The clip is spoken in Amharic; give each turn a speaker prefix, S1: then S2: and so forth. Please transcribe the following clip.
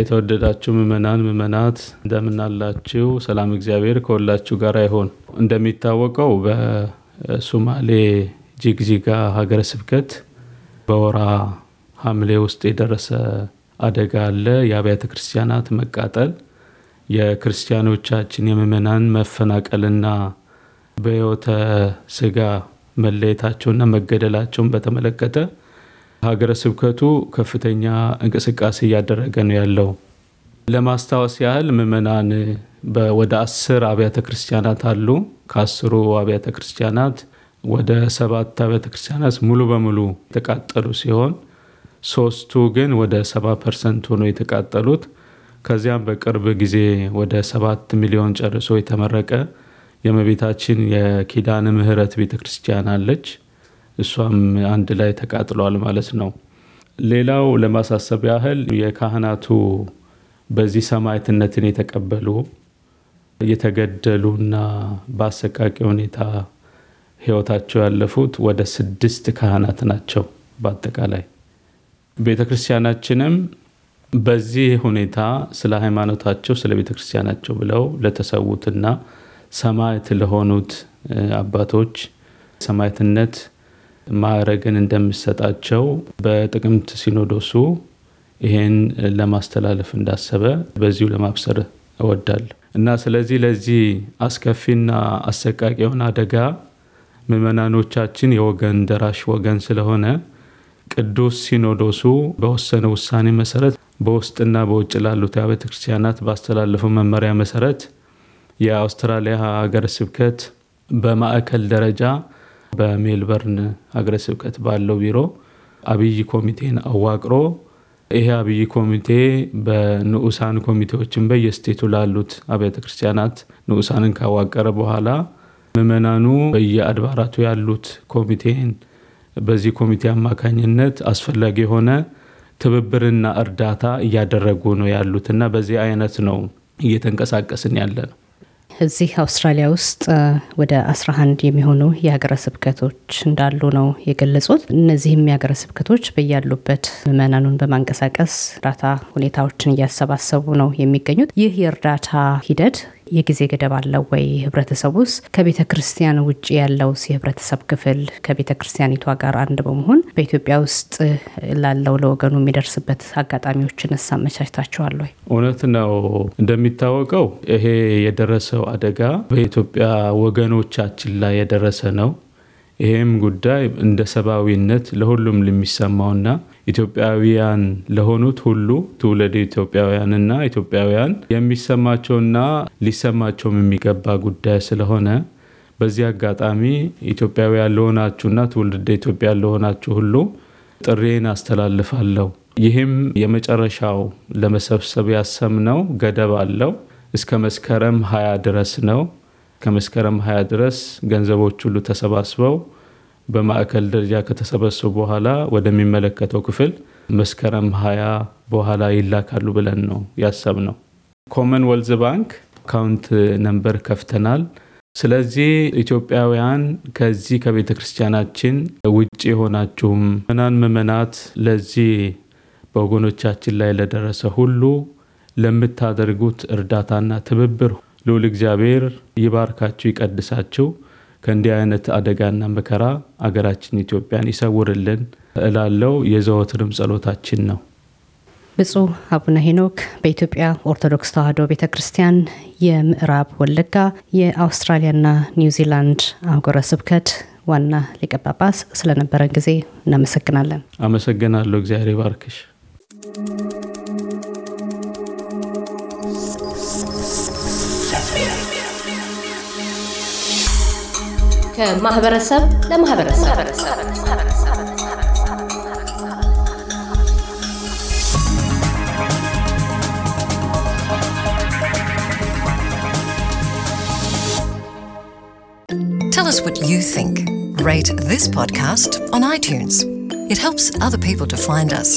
S1: የተወደዳችሁ ምእመናን ምእመናት እንደምናላችሁ ሰላም እግዚአብሔር ከሁላችሁ ጋር ይሆን። እንደሚታወቀው በሱማሌ ጅግጅጋ ሀገረ ስብከት በወራ ሐምሌ ውስጥ የደረሰ አደጋ አለ። የአብያተ ክርስቲያናት መቃጠል፣ የክርስቲያኖቻችን የምእመናን መፈናቀልና በህይወተ ስጋ መለየታቸውና መገደላቸውን በተመለከተ ሀገረ ስብከቱ ከፍተኛ እንቅስቃሴ እያደረገ ነው ያለው። ለማስታወስ ያህል ምዕመናን ወደ አስር አብያተ ክርስቲያናት አሉ። ከአስሩ አብያተ ክርስቲያናት ወደ ሰባት አብያተ ክርስቲያናት ሙሉ በሙሉ የተቃጠሉ ሲሆን ሶስቱ ግን ወደ ሰባ ፐርሰንት ሆኖ የተቃጠሉት ከዚያም በቅርብ ጊዜ ወደ ሰባት ሚሊዮን ጨርሶ የተመረቀ የእመቤታችን የኪዳነ ምሕረት ቤተ ክርስቲያን አለች። እሷም አንድ ላይ ተቃጥሏል ማለት ነው። ሌላው ለማሳሰብ ያህል የካህናቱ በዚህ ሰማዕትነትን የተቀበሉ የተገደሉና በአሰቃቂ ሁኔታ ህይወታቸው ያለፉት ወደ ስድስት ካህናት ናቸው። በአጠቃላይ ቤተ ክርስቲያናችንም በዚህ ሁኔታ ስለ ሃይማኖታቸው፣ ስለ ቤተ ክርስቲያናቸው ብለው ለተሰዉትና ሰማዕት ለሆኑት አባቶች ሰማዕትነት ማዕረግን እንደሚሰጣቸው በጥቅምት ሲኖዶሱ ይሄን ለማስተላለፍ እንዳሰበ በዚሁ ለማብሰር እወዳል እና ስለዚህ ለዚህ አስከፊና አሰቃቂ የሆነ አደጋ ምእመናኖቻችን የወገን ደራሽ ወገን ስለሆነ ቅዱስ ሲኖዶሱ በወሰነ ውሳኔ መሰረት በውስጥና በውጭ ላሉት አብያተ ክርስቲያናት ባስተላለፈው መመሪያ መሰረት የአውስትራሊያ ሀገረ ስብከት በማዕከል ደረጃ በሜልበርን ሀገረ ስብከት ባለው ቢሮ አብይ ኮሚቴን አዋቅሮ ይሄ አብይ ኮሚቴ በንዑሳን ኮሚቴዎችን በየስቴቱ ላሉት አብያተ ክርስቲያናት ንዑሳንን ካዋቀረ በኋላ ምዕመናኑ በየአድባራቱ ያሉት ኮሚቴን በዚህ ኮሚቴ አማካኝነት አስፈላጊ የሆነ ትብብርና እርዳታ እያደረጉ ነው ያሉትና በዚህ አይነት ነው እየተንቀሳቀስን ያለ ነው።
S2: እዚህ አውስትራሊያ ውስጥ ወደ 11 የሚሆኑ የሀገረ ስብከቶች እንዳሉ ነው የገለጹት። እነዚህም የሀገረ ስብከቶች በያሉበት ምዕመናኑን በማንቀሳቀስ እርዳታ ሁኔታዎችን እያሰባሰቡ ነው የሚገኙት። ይህ የእርዳታ ሂደት የጊዜ ገደብ አለው ወይ? ህብረተሰብ ውስጥ ከቤተ ክርስቲያን ውጭ ያለውስ የህብረተሰብ ክፍል ከቤተ ክርስቲያኒቷ ጋር አንድ በመሆን በኢትዮጵያ ውስጥ ላለው ለወገኑ የሚደርስበት አጋጣሚዎችን አመቻችታችኋል ወይ?
S1: እውነት ነው። እንደሚታወቀው ይሄ የደረሰው አደጋ በኢትዮጵያ ወገኖቻችን ላይ የደረሰ ነው። ይህም ጉዳይ እንደ ሰብአዊነት ለሁሉም ለሚሰማውና ኢትዮጵያውያን ለሆኑት ሁሉ ትውልድ ኢትዮጵያውያንና ኢትዮጵያውያን የሚሰማቸውና ሊሰማቸውም የሚገባ ጉዳይ ስለሆነ በዚህ አጋጣሚ ኢትዮጵያውያን ለሆናችሁና ትውልድ ኢትዮጵያ ለሆናችሁ ሁሉ ጥሬን አስተላልፋለሁ። ይህም የመጨረሻው ለመሰብሰብ ያሰምነው ገደብ አለው። እስከ መስከረም ሀያ ድረስ ነው። ከመስከረም ሀያ ድረስ ገንዘቦች ሁሉ ተሰባስበው በማዕከል ደረጃ ከተሰበሰቡ በኋላ ወደሚመለከተው ክፍል መስከረም ሀያ በኋላ ይላካሉ ብለን ነው ያሰብ ነው። ወልዝ ባንክ አካውንት ነንበር ከፍተናል። ስለዚህ ኢትዮጵያውያን ከዚህ ከቤተ ክርስቲያናችን ውጭ የሆናችሁም ምእመናን ምእመናት ለዚህ በወገኖቻችን ላይ ለደረሰ ሁሉ ለምታደርጉት እርዳታና ትብብር ልዑል እግዚአብሔር ይባርካችሁ፣ ይቀድሳችሁ ከእንዲህ አይነት አደጋና መከራ አገራችን ኢትዮጵያን ይሰውርልን እላለው የዘወትርም ጸሎታችን ነው።
S2: ብፁዕ አቡነ ሄኖክ በኢትዮጵያ ኦርቶዶክስ ተዋሕዶ ቤተ ክርስቲያን የምዕራብ ወለጋ የአውስትራሊያና ኒውዚላንድ አህጉረ ስብከት ዋና ሊቀ ጳጳስ ስለነበረን ጊዜ እናመሰግናለን።
S1: አመሰግናለሁ። እግዚአብሔር ባርክሽ።
S2: Yeah. ከማህበረሰብ ለማህበረሰብ
S1: Tell us what you think. Rate this podcast on iTunes. It helps other people to find us.